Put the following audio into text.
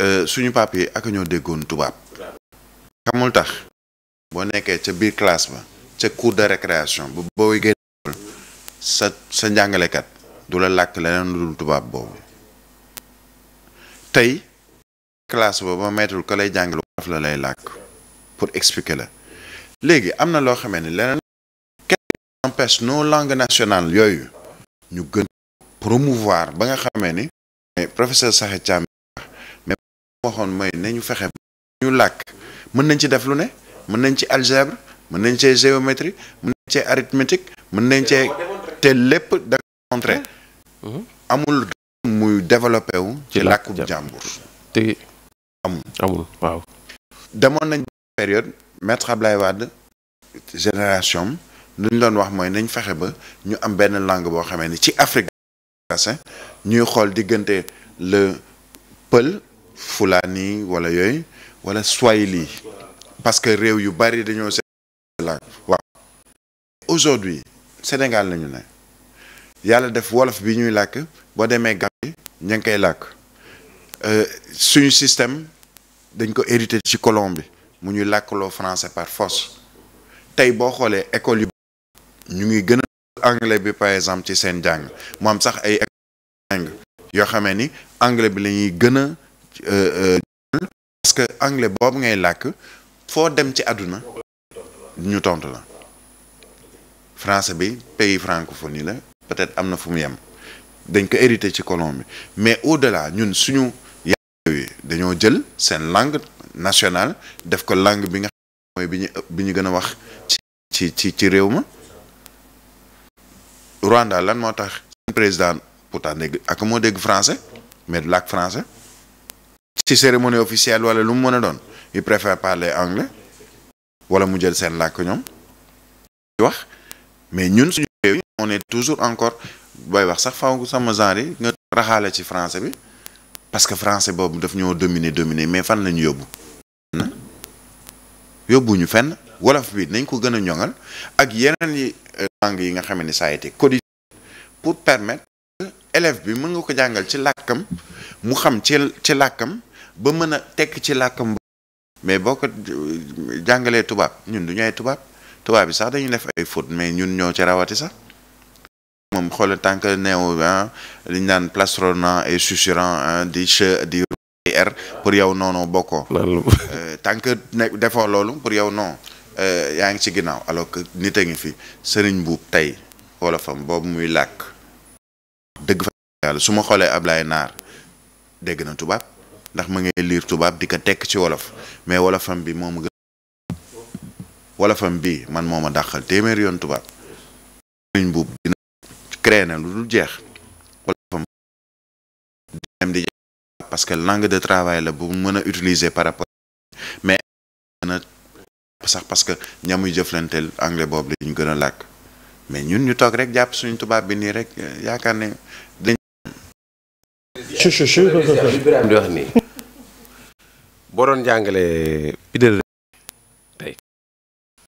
Euh, suñu yi ak ñoo déggoon tubaab. xamul tax boo nekkee ca biir classe ba ca cours de récréation bu booy génn sa sa njàngalekat du la làkk leneen lu dul tubaab boobu tey classe ba ba maître ka lay jàngal wolof la lay làkk pour expliquer la léegi am na loo xamee ni leneen kenn empêche nos langues nationales yooyu ñu gën promouvoir ba nga xamee ni professeur Sakhé Thiam waxoon mooy nañu fexe ñu làkk mën nañ ci def ne mën nañ ci algèbre mën nañ cee géométrie cee arithmétique mën nañ cee te lépp da mhm. amul muy développé wu ci làkku jàmbur te amul nañ période maître Ablaye génération lu doon wax mooy nañ fexe ba ñu am benn langue boo xamee ni ci Afrique ñuy xool diggante le pël fulaani wala yooyu wala swahili parce que réew yu bari dañoo se langue waaw aujourd'hui Sénégal lañu ne yàlla def wolof bi ñuy làkk boo demee Gambie ña ngi koy làkk euh, suñu système dañ ko hérité ci colon bi mu ñu làkkaloo français par force tey boo xoolee école yu ñu ngi gën a anglais bi par exemple ci seen jàng mu am sax ay école yoo xamee ni anglais bi lañuy ñuy gën a Euh, euh, parce que anglais boobu ngay làkk foo dem ci àdduna ñu tontu la français bi foo francophonie la peut-être am na fu mu yem dañ ko hérité ci colon bi mais au-delà ñun suñu yooyu dañoo jël seen langue nationale def ko langue bi nga xam mooy bi ñu bi ñu gën a wax ci ci ci réew ma Rwanda lan moo tax président pourtant dégg ak moo dégg français mais du làkk français ci cérémonie officielle wala lu mu mën a doon yu préfère parler anglais wala mu jël seen làkk ñoom wax mais ñun suñu réew yi on est toujours encore booy wax sax faw sama genre yi nga raxaale ci français bi parce que français boobu daf ñoo dominer dominer mais fan la ñu yóbbu yóbbuñu fenn wolof bi nañ ko gën a ñoŋal ak yeneen yi euh, langue yi nga xam ni ça codi été codifié pour permettre élève bi mën nga ko jàngal ci làkkam mu xam ci ci làkkam ba mën a tekk ci làkkam mais boo ko jàngalee tubaab ñun du ñu tubaab tubaab bi sax dañuy def ay fautes mais ñun ñoo ci rawati sax moom xool tànk neew ah liñ naan plastronnant et susurrant di pour yow noonu bokkoo euh, tànk ne defoo loolu pour yow non euh, yaa ngi ci ginnaaw alors nit a ngi fi sëriñ buub tey wala fam boobu muy làkk dëgg fa su ma xoolee Ablaye Naar dégg na tubaab ndax ma ngay liir tubaab di ko tekk ci wolof mais wolofam bi moom gën wolofam bi man moo ma dàqal téeméer yoon tubaab sëriñ buub dina na lu jeex wolofam di parce que langue de travail la bu mën a utiliser par rapport mais mën sax parce que ñamuy jëflanteel anglais boobu la ñu gën a làkk mais ñun ñu toog rek jàpp suñu tubaab bi nii rek yaakaar ne chu boo doon jàngale.